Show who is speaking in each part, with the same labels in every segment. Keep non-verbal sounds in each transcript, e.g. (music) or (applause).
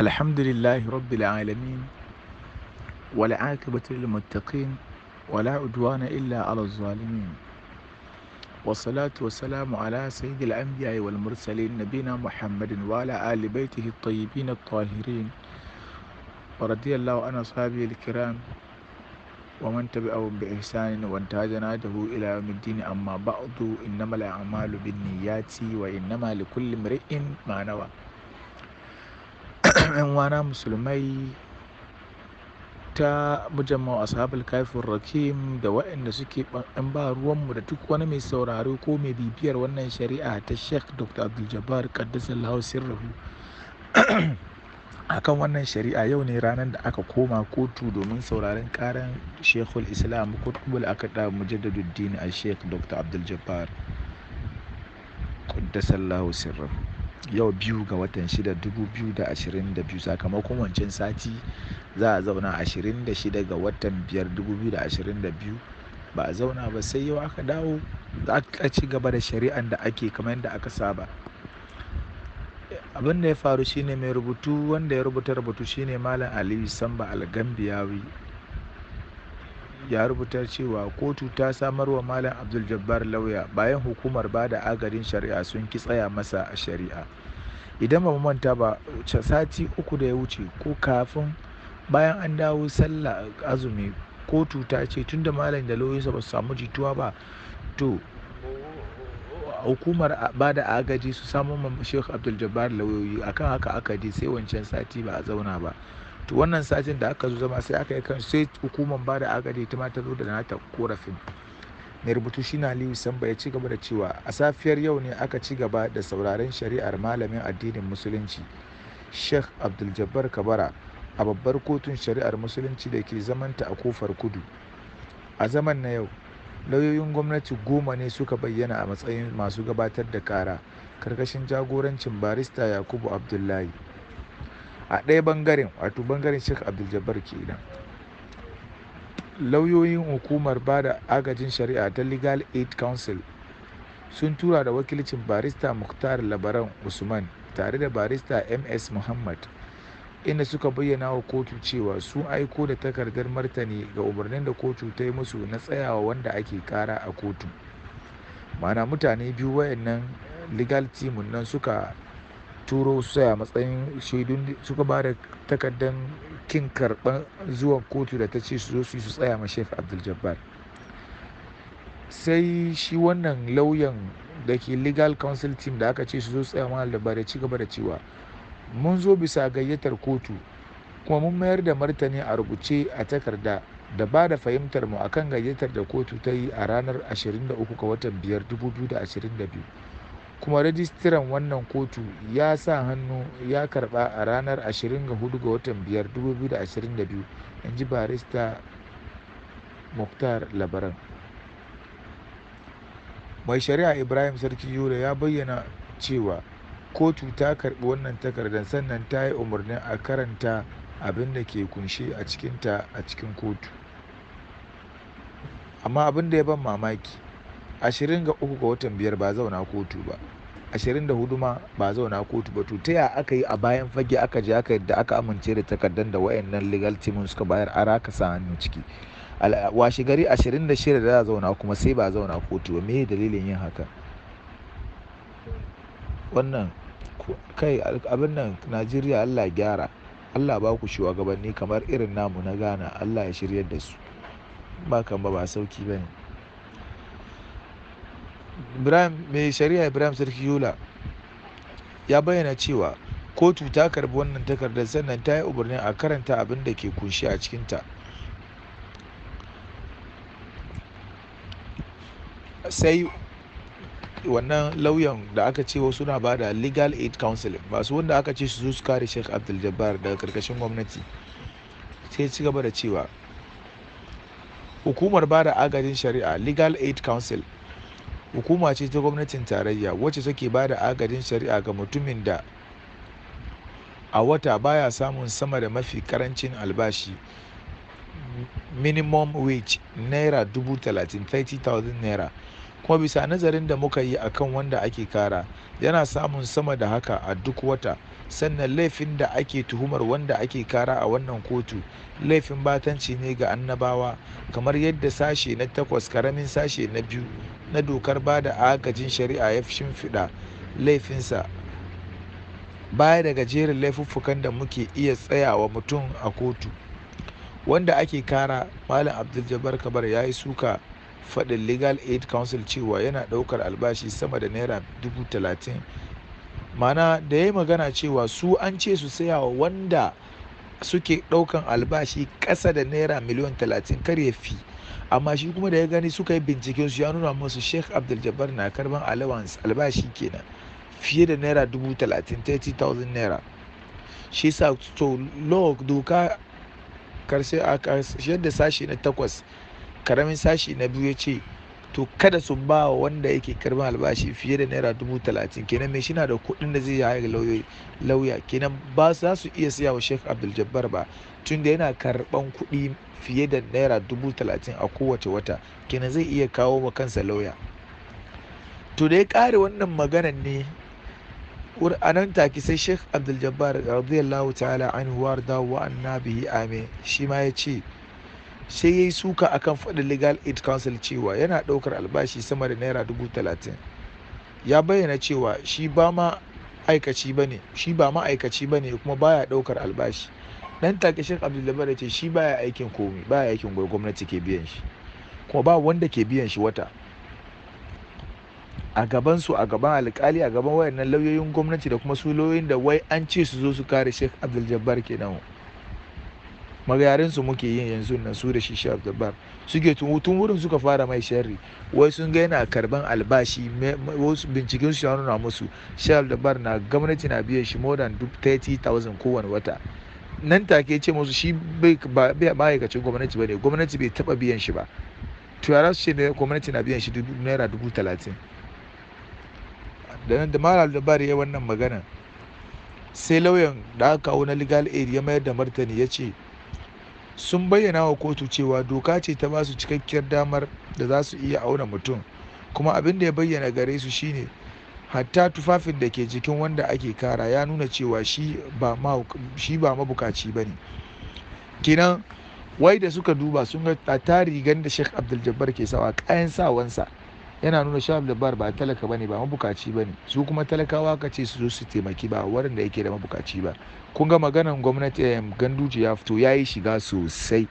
Speaker 1: الحمد لله رب العالمين والعاقبة للمتقين ولا عدوان إلا على الظالمين والصلاة والسلام على سيد الأنبياء والمرسلين نبينا محمد وعلى آل بيته الطيبين الطاهرين ورضي الله عن أصحابه الكرام ومن تبعهم بإحسان وانتهج ناده إلى يوم الدين أما بعد إنما الأعمال بالنيات وإنما لكل امرئ ما نوى 'yan musulmai ta mujammau ashabul kafir rakim da waɗanda suke ɓan ba ruwanmu da duk wani mai sauraro ko mai bibiyar wannan shari'a ta sheikh dr abdul jabbar qaddasallahu sirruhu (clears throat) akan wannan shari'a yau ne ranar da aka koma kotu domin sauraron karan shekul islam kutubul akada mujaddaduddin a sheikh dr abdul jabbar qaddasallahu sirruhu yau biyu ga watan shida dubu biyu da ashirin da biyu sakamakon wancan sati za a zauna shida ga watan biyar dubu biyu da ashirin da biyu ba a zauna ba sai yau aka dawo za a ci gaba da shari'an da ake kamar yadda aka saba abin da ya faru shine mai rubutu wanda ya rubuta rubutu shine malam aliyu samba algambiyawi ya rubuta cewa kotu ta samarwa malam abdul jabbar lauya bayan hukumar ba da agajin shari'a sun ki tsaya masa a shari'a idan ba manta ba sati uku da ya wuce ko kafin bayan an dawo sallah azumi kotu ta ce tunda malam da lauyoyinsa ba su samu jituwa ba to hukumar ba da agaji su samu sheikh abdul jabbar lauyoyi akan haka aka je sai wancan sati ba a zauna ba to wannan satin da aka zo zama sai aka yi kan sai hukumar ba da agaji ta mata ta zo da ta korafin mai rubutu shi na aliyu samba ya ci gaba da cewa a safiyar yau ne aka ci gaba da sauraren shari'ar malamin addinin musulunci sheikh abdul-jabbar kabara a babbar kotun shari'ar musulunci da ke zamanta a kofar kudu a zaman na yau lauyoyin gwamnati goma ne suka bayyana a matsayin masu gabatar da kara karkashin jagorancin barista yakubu abdullahi a ɗaya bangaren wato bangaren sheikh abdul kenan lauyoyin hukumar ba da agajin shari'a ta legal aid council sun tura da wakilcin barista muktar labaran usman tare da barista ms muhammad inda suka bayyana wa kotu cewa sun aiko da takardar martani ga umarnin da kotu ta yi musu na tsayawa wanda ake kara a kotu mana mutane biyu wayannan legal team nan suka turo su a matsayin shaidun suka ba da takardar kin karɓar zuwa kotu da ta ce su zo su yi su tsaya ma shef abdul sai shi wannan lauyan da ke legal council team da aka ce su zo tsaya ma da ci gaba da cewa mun zo bisa gayyatar kotu kuma mun mayar da martani a rubuce a takarda da ba da fahimtar mu akan gayyatar da kotu ta yi a ranar 23 ga watan 5 2022 kuma rajistiran wannan kotu ya sa hannu ya karba a ranar 24 ga watan 5 2022 in ji barista muktar labaran mai shari'a ibrahim sarki yola ya bayyana cewa kotu ta karbi wannan takardar sannan ta yi umarnin a karanta abin da ke kunshe a cikinta a cikin kotu amma abin da ya ban mamaki 23 ga watan biyar ba zauna kotu ba 24 ma ba zauna kotu ba to ta ya aka yi a bayan fage aka je aka yadda aka amince da takardar da wayannan legal team suka bayar ara ka sa hannu ciki washe gari 26 da za zauna kuma sai ba zauna kotu ba me dalilin yin haka wannan kai abin nan najeriya allah gyara allah ba ku shugabanni kamar irin namu na ghana allah ya shiryar da su ba kan ba ba sauki ba ne ibrahim mai shari'a ibrahim sarki yola ya bayyana cewa kotu ta karbi wannan takardar sannan ta yi umarnin a karanta abin da ke kunshi a cikinta sai wannan lauyan da aka ce wasu na bada legal aid counseling masu wanda aka ce su zo su kare sheikh abdul jabbar daga karkashin gwamnati sai ci gaba da cewa hukumar bada agajin shari'a legal aid council hukuma ce ta gwamnatin tarayya wacce take ba da agajin shari'a ga mutumin da a wata baya samun sama da mafi karancin albashi minimum wage naira 30,000 naira kuma bisa nazarin da muka yi akan wanda ake kara yana samun sama da haka a duk wata sannan laifin da ake tuhumar wanda ake kara a wannan kotu laifin batanci ne ga annabawa kamar yadda sashe na takwas karamin sashe na biyu na dokar ba da agajin shari'a ya shimfiɗa laifinsa baya daga jerin laifuffukan da muke iya tsayawa mutum a kotu wanda ake kara malam abdul kabar ya yi suka faɗin legal aid council cewa yana ɗaukar albashi sama da naira dubu mana da ya yi magana cewa su an ce su saya wa wanda suke ɗaukan albashi ƙasa da naira miliyan talatin kar ya fi amma shi kuma da ya gani suka yi binciken su ya nuna musu sheikh abdul na karban allowance albashi kenan fiye da naira dubu talatin 30,000 naira shi sa to law doka karshe a yadda sashi na takwas karamin sashi na biyu ya ce to kada su ba wanda yake karban albashi fiye da naira dubu talatin kenan mai shina da kuɗin da zai yi haya lauya kenan ba za su iya siya wa sheikh abdul jabbar ba tunda yana karban kuɗi fiye da naira dubu talatin a kowace wata kenan zai iya kawo wa kansa lauya to da ya kare wannan maganan ne a nan take sai sheikh abdul jabbar radiyallahu ta'ala anhu warda wa annabihi amin shi ma ya ce sai ya yi suka akan faɗin legal aid council cewa yana ɗaukar albashi sama da naira dubu talatin ya bayyana cewa shi ba ma aikaci ba ne shi ba ma'aikaci ba ne kuma baya ɗaukar albashi dan take shek abdullabar ya ce shi baya aikin komi baya aikin gwamnati ke biyan shi kuma ba wanda ke biyan shi wata a gaban su a gaban alkali a gaban wayannan lauyoyin gwamnati da kuma su lauyoyin da wai an ce su zo su kare shek abdul jabbar kenan magayarin su muke yin yanzu na su da shi shi abdulbar suke tun wurin suka fara mai sharri wai sun ga yana karban albashi wasu binciken su ya nuna musu da abdulbar na gwamnati na biyan shi more than 30,000 kowane wata nan take ce musu shi bai ma'aikacin gwamnati ba ne gwamnati bai taba biyan shi ba tuyara su ce ne gwamnati na biyan shi naira dubu talatin da da mara labari ya wannan magana sai lauyan da aka kawo na legal aid ya mayar da martani ya ce sun bayyana wa kotu cewa doka ce ta basu cikakkiyar damar da za su iya auna mutum kuma abin da ya bayyana gare su shine hatta tufafin da ke jikin wanda ake kara ya nuna cewa shi ba mabukaci ba ne kenan wai da suka duba sun ga ta rigar da sheikh abdul jabbar ke sawa kayan sawansa yana nuna shawab da bar ba talaka bane ba mabukaci bane su kuma talakawa ka ce su zo su taimaki ba wurin da yake da mabukaci ba kun ga maganan gwamnati ganduji ya fito ya yi shiga sosai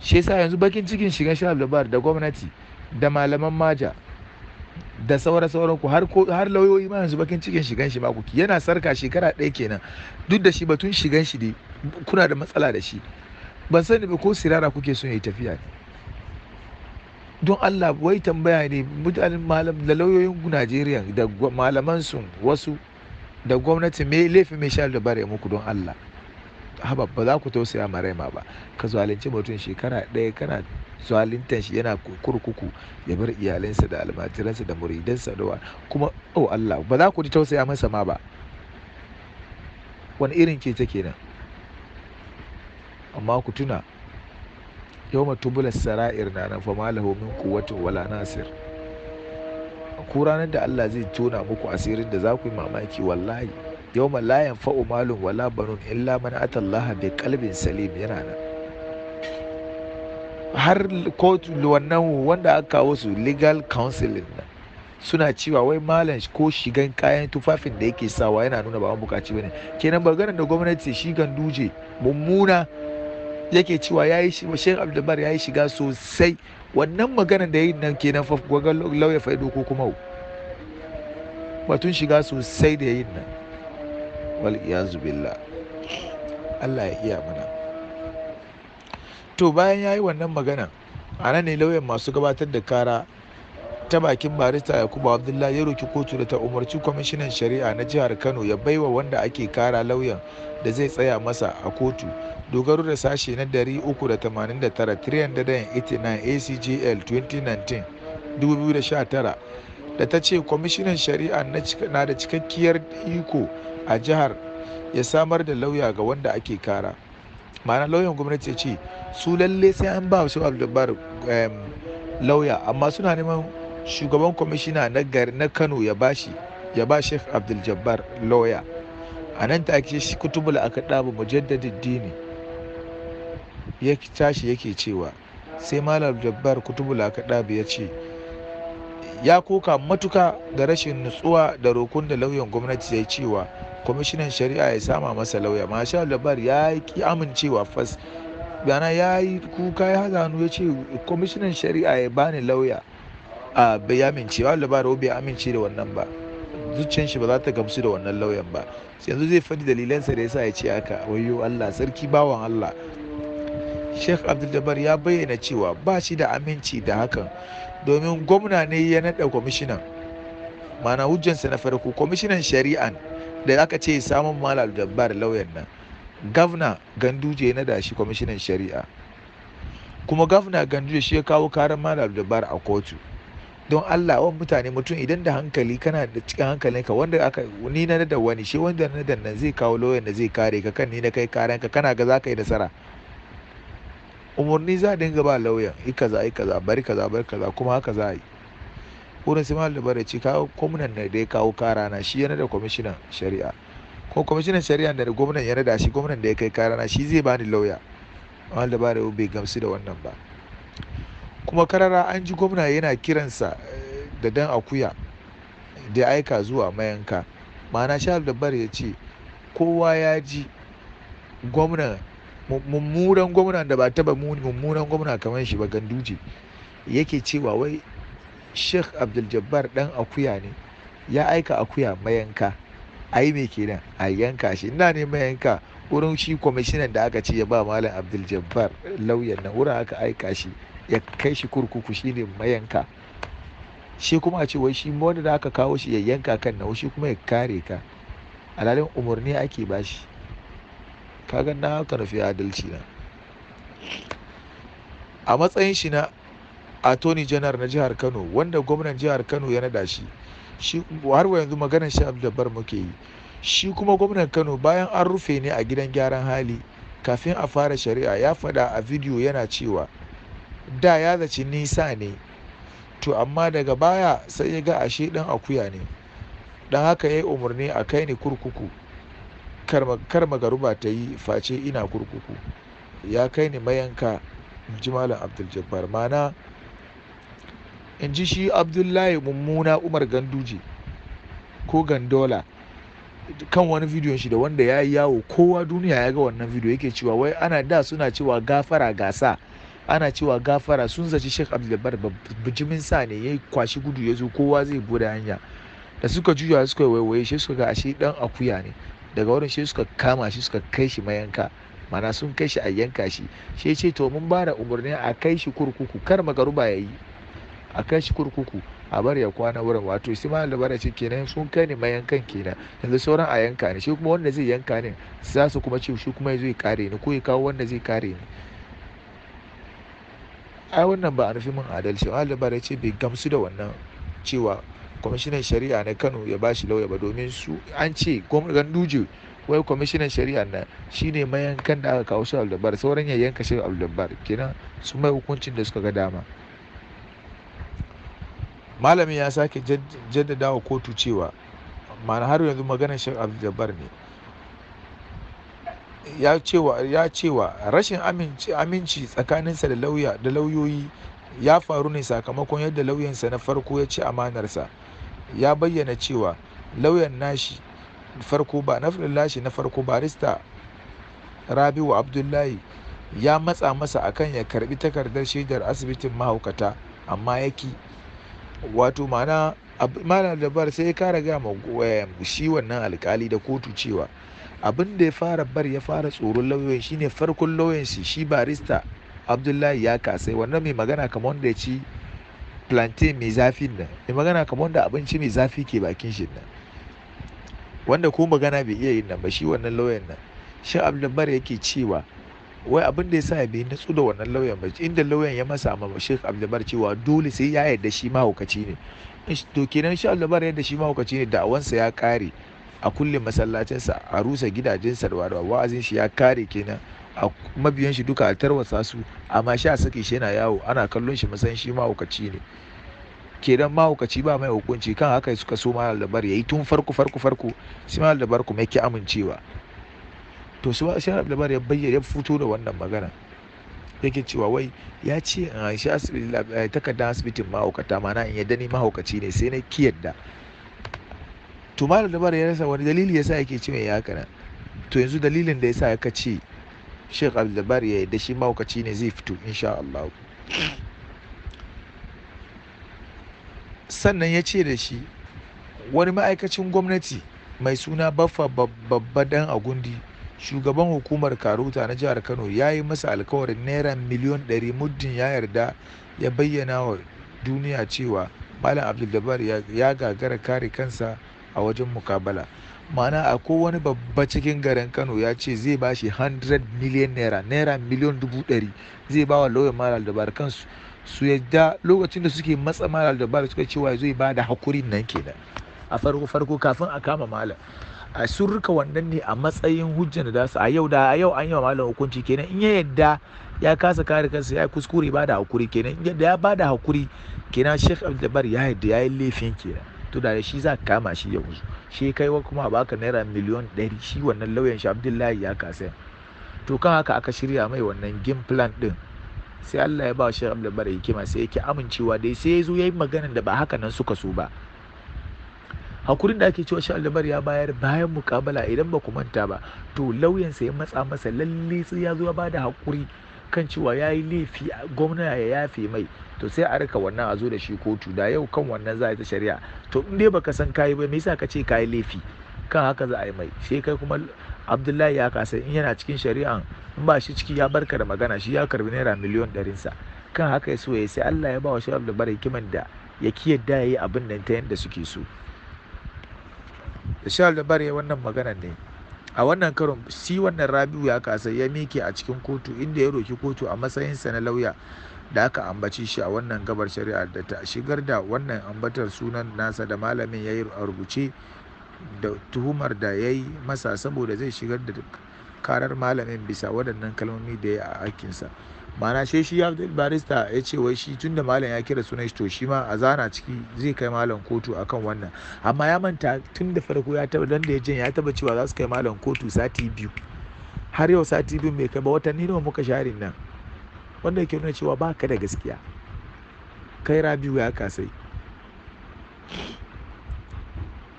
Speaker 1: shi yasa yanzu bakin cikin shigan shawab da bar da gwamnati da malaman maja da saura sauran ku har har lauyoyi ma yanzu bakin cikin shigan shi ku yana sarka shekara ɗaya kenan duk da shi batun shigan shi ne kuna da matsala da shi ban sani ba ko sirara kuke son yi tafiya ne don Allah wai tambaya ne mutanen malam da lauyoyin Najeriya da malaman su wasu da gwamnati me laifi mai sha da bare muku don Allah haba ba za ku tausaya ma raima ba ka zalunci mutum shekara ɗaya kana zalintan shi yana kurkuku ya bar iyalinsa da almajiransa da muridansa da kuma oh Allah ba za ku ji tausaya masa ma ba wani irin ke ta kenan amma ku tuna yawma tubular sara'ir na nan fa malahu min quwwatin wala nasir ku ranar da Allah zai tona muku asirin da za ku yi mamaki wallahi yawma la yanfa'u malun wala banun illa man atallaha bi qalbin salim yana nan har kotu wannan wanda aka kawo su legal counseling suna cewa wai malam ko shigan kayan tufafin da yake sawa yana nuna ba wani bukaci bane kenan bangaren da gwamnati shi duje mummuna yake cewa ya yi shehu abdulbar ya yi shiga sosai wannan magana da ya yi nan kenan fa gwagwar lauya faido ko kuma batun shiga sosai da ya yi nan wal iyazu billah Allah ya iya mana to bayan ya yi wannan magana a nan ne lauyan masu gabatar da kara ta bakin barista yakubu abdullahi ya roki kotu da ta umarci kwamishinan shari'a na jihar kano ya baiwa wanda ake kara lauyan da zai tsaya masa a kotu dogaro da sashe na 389 389 acgl 2019 2019 da ta ce kwamishinan shari'a na da cikakkiyar iko a jihar ya samar da lauya ga wanda ake kara ma'ana lauyan gwamnati ya ce su lalle sai an ba su abdubar lauya amma suna neman shugaban kwamishina na gari na kano ya bashi ya ba shi abdul jabbar lauya a nan take shi kutubula aka ɗaba mujaddadin dini ya tashi yake cewa sai malam jabbar kutubu lakadabi ya ce ya koka matuka da rashin nutsuwa da rokun da lauyan gwamnati ya cewa kwamishinan shari'a ya sama masa lauya masha labar ya yi amincewa fas gana ya yi kuka ya hannu ya ce kwamishinan shari'a ya bani lauya a bai amince labar bai amince da wannan ba zuciyan shi ba za ta gamsu da wannan lauyan ba yanzu zai fadi dalilansa da yasa ya ce haka wayo Allah sarki bawan Allah sheikh abduldabar ya bayyana cewa ba shi da aminci da hakan domin gwamna ne ya naɗa kwamishinan mana hujjansa na farko kwamishinan shari'an da aka ce samun malal dabbar lauyan nan gavna ganduje ya naɗa shi kwamishinan shari'a kuma gavna ganduje shi ya kawo karar malal dabbar a kotu don Allah wa mutane mutum idan da hankali kana da cikin ka wanda aka ni na da wani shi wanda na da nan zai kawo lauyan da zai kare ka kan ni na kai karan ka kana ga za ka yi nasara umarni za a dinga ba lauyan yi kaza yi kaza bari kaza bari kaza kuma haka za a yi wurin sai malam labar ya ce kawo gwamnan da ya kawo kara na shi yana da kwamishinan shari'a ko kwamishinan shari'a da gwamnan yana da shi gwamnan da ya kai kara na shi zai bani lauya malam labar bai gamsu da wannan ba kuma karara an ji gwamna yana kiransa eh, da dan akuya da aika zuwa mayanka ma'ana shahar dabbar ya ce kowa ya ji gwamnan mummunan gwamna da ba taba mummunan gwamna kamar shi ba ganduje yake cewa wai sheikh abdul jabbar dan akuya ne ya aika akuya mayanka ai me kenan a yanka shi ina ne mayanka wurin shi kwamishinan da aka ce ya ba malam abdul jabbar lauyan nan wurin aka aika shi ya kai shi kurkuku shi ne mayanka shi kuma a ce wai shi wanda da aka kawo shi ya yanka kan na shi kuma ya kare ka alalin umarni ake bashi kaga na haka nufi adalci na a matsayin shi na attorney general na jihar kano wanda gwamnan jihar kano ya nada shi shi har wa yanzu maganar shi abdulbar muke yi shi kuma gwamnan kano bayan an rufe ne a gidan gyaran hali kafin a fara shari'a ya faɗa a bidiyo yana cewa da ya zaci nisa ne to amma daga baya sai ya ga ashe ɗan akuya ne don haka ya yi umarni a kai ni kurkuku kar magaruba ta yi face ina kurkuku ya kai ni mayanka in ji malam abdul jabbar mana in ji shi abdullahi mummuna umar ganduje ko gandola kan wani vidiyon shi da wanda ya yi yawo kowa duniya ya ga wannan bidiyo yake cewa wai ana da suna cewa gafara gasa ana cewa gafara sun zaci sheikh da bijimin sa ne ya kwashi gudu ya zo kowa zai bude hanya da suka juya suka yi waiwaye shi suka ga ashe dan akuya ne daga wurin shi suka kama shi suka kai shi mayanka mana sun kai shi a yanka shi shi ce to mun bada da umarni a kai shi kurkuku kar magaruba ya yi a kai shi kurkuku a bar ya kwana wurin wato shi malam labara ce kenan sun kai ne mayankan kenan yanzu sauran a yanka ne shi kuma wanda zai yanka ne za su kuma ce shi kuma zai kare ni ko ya kawo wanda zai kare ni ai wannan ba a nufi min adalci malam labara ce bai gamsu da wannan cewa kwamishinan shari'a na kano ya bashi lauya ba domin su an ce ganduje wai kwamishinan shari'a na shine mayankan da aka kawo shi abdulbar sauran ya yanka shi abdulbar kenan su mai hukuncin da suka ga dama malami ya sake jaddada wa kotu cewa mana har yanzu maganar shi abdulbar ne ya cewa ya cewa rashin aminci tsakaninsa da lauya da lauyoyi ya faru ne sakamakon yadda lauyansa na farko ya ci amanarsa ya bayyana cewa lauyan nashi farko ba na lashi na farko barista rabiu abdullahi ya matsa masa akan ya karbi takardar shaidar asibitin mahaukata amma ya ki wato mana dabar sai ya kara ga eh, shi wannan alkali da kotu cewa abin da ya fara bar ya fara tsoron lauyoyin shine farkon lauyan shi shi barista abdullahi ya kasai wannan mai magana kamar wanda ya ci plantain mai zafin nan da magana kamar wanda abinci mai zafi ke bakin shi nan wanda ko magana bai iya yin nan ba shi wannan lauyan nan shi abdulbar yake cewa wai abin da ya sa bai natsu da wannan lauyan ba inda lauyan ya masa ma Sheikh Abdulbar cewa dole sai ya yarda shi mahaukaci ne to kenan shi Abdulbar yarda shi mahaukaci ne da'awansa ya kare a kulle masallacinsa a rusa gidajen sa da wa'azin shi ya kare kenan a mabiyan shi duka a tarwatsa su amma sha sake shi yana yawo ana kallon shi musan shi mahaukaci ne ke kenan mahaukaci ba mai hukunci kan haka suka so malam dabar yayi tun farko farko farko sai malam dabar kuma yake amincewa to su sai malam dabar ya bayyana ya fito da wannan magana yake cewa wai ya ce a ah, shi eh, takardar asibitin mahaukata mana in yadda ni mahaukaci ne sai na kiyarda to malam dabar ya rasa wani dalili yasa yake cewa ya haka to yanzu dalilin da yasa ya ce sheikh abdulbar ya yadda shi mahaukaci ne zai fito insha Allah sannan ya ce da shi wani ma'aikacin gwamnati mai suna baffa babba dan gundi shugaban hukumar karuta na jihar kano ya yi masa alkawarin naira miliyon 100 muddin ya yarda ya bayyana wa duniya cewa malam abdulbar ya gagara kare kansa a wajen mukabala ma'ana akwai wani babba cikin garin kano ya ce zai ba shi 100 miliyan naira naira miliyan dubu ɗari zai ba wa lauyan mara aldabar kansu su yadda lokacin da suke matsa mara aldabar suka suka cewa zai ba da hakuri nan kenan a farko farko kafin a kama malam a surruka wannan ne a matsayin hujjan da su a yau da a yau an yi wa malam hukunci kenan in ya yadda ya kasa kare kansa ya kuskure ba da hakuri kenan in yadda ya ba da hakuri kenan sheikh abdul ya yadda ya yi laifin kenan to da shi za ka kama shi yanzu shi kai kuma a baka naira miliyon ɗari shi wannan lauyan shi abdullahi ya kasa to kan haka aka shirya mai wannan game plan din sai Allah ya ba shi Abdul Bari hikima sai yake amincewa dai sai ya zo yi magana da ba haka nan suka so ba hakurin da ake cewa shi ya bayar bayan mukabala idan ba ku manta ba to lauyan sa ya matsa masa lalle sai ya zo ya ba da hakuri kan cewa ya yi laifi gwamna ya yafe mai to sai a rika wannan a zo da shi kotu da yau kan wannan za a yi ta shari'a to in dai baka san kayi ba me yasa ka ce kayi laifi kan haka za a yi mai sai kai kuma abdullahi ya kasa in yana cikin shari'an in ba shi ciki ya barka da magana shi ya karbi naira miliyon ɗarinsa kan haka ya so ya sai allah ya ba wa shawar da bara da ya kiyarda ya yi abin nan ta yadda suke so da shawar da wannan maganar ne a wannan karon shi wannan rabiu ya kasa ya mike a cikin kotu inda ya roki kotu a matsayinsa na lauya da aka ambaci shi a wannan gabar shari'a da ta shigar da wannan ambatar sunan nasa da malamin ya yi a rubuce da tuhumar da ya yi masa saboda zai shigar da karar malamin bisa waɗannan kalmomi da ya a hakinsa mana shi shi barista ya ce wai shi tunda malam ya kira sunan shi to shi ma a zana ciki zai kai malam kotu akan wannan amma ya manta tun da farko ya taba dan da ya jin ya taba cewa za su kai malam kotu sati biyu har yau sati biyu bai kai ba watanni nawa muka share nan wanda yake nuna cewa baka da gaskiya kai rabiu ya sai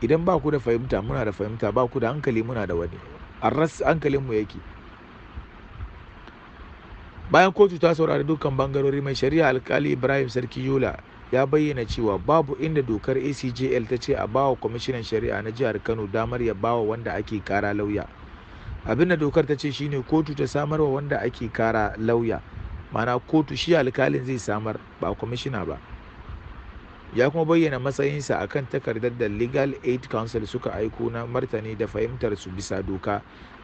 Speaker 1: idan ba ku da fahimta muna da fahimta ba ku da hankali muna da wani arras hankalinmu yake bayan kotu ta saurari dukkan bangarori mai shari'a alkali ibrahim sarki yola ya bayyana cewa babu inda dokar acjl ta ce a bawa kwamishinan shari'a na jihar kano damar ya bawa wanda ake kara lauya abinda dokar ta ce shine kotu ta samarwa wanda ake kara lauya mana kotu shi alkalin zai samar ba kwamishina ba ya kuma bayyana matsayinsa a kan takardar da legal aid council suka aiko na martani da fahimtar su bisa doka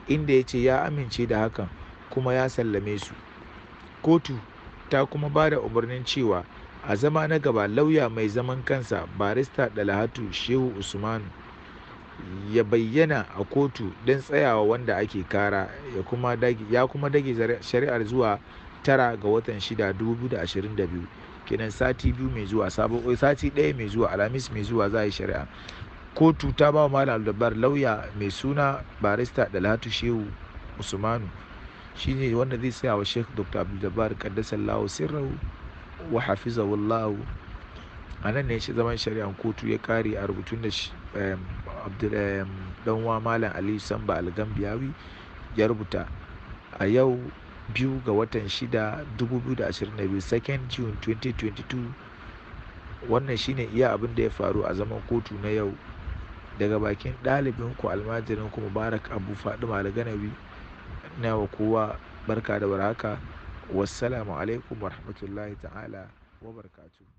Speaker 1: inda ya ce ya amince da hakan kuma ya sallame su kotu ta kuma ba da umarnin cewa a zama na gaba lauya mai zaman kansa barista dalhatu shehu usman ya bayyana a kotu don tsayawa wanda ake kara ya kuma dage shari'ar zuwa 9 ga watan 6 2022 kenan sati biyu mai zuwa sabon eh, sati ɗaya mai zuwa alhamis mai zuwa za a yi shari'a kotu ta ba wa malam aldabar lauya mai suna barista dalhatu shehu usmanu shine wanda zai saya wa sheikh dr abdulbar kaddasa lawo sirrahu wa hafizahullahu a nan ne shi zaman shari'an kotu ya kare a rubutun da danwa malam aliyu samba algambiyawi ya rubuta a yau biyu ga watan shida 2022 second june 2022 wannan shine iya abin da ya faru a zaman kotu na yau daga bakin ɗalibin ku almajirin ku mubarak abu fadima ganawi na wa kowa barka da warhaka wassalamu alaikum warahmatullahi ta'ala wa barkatu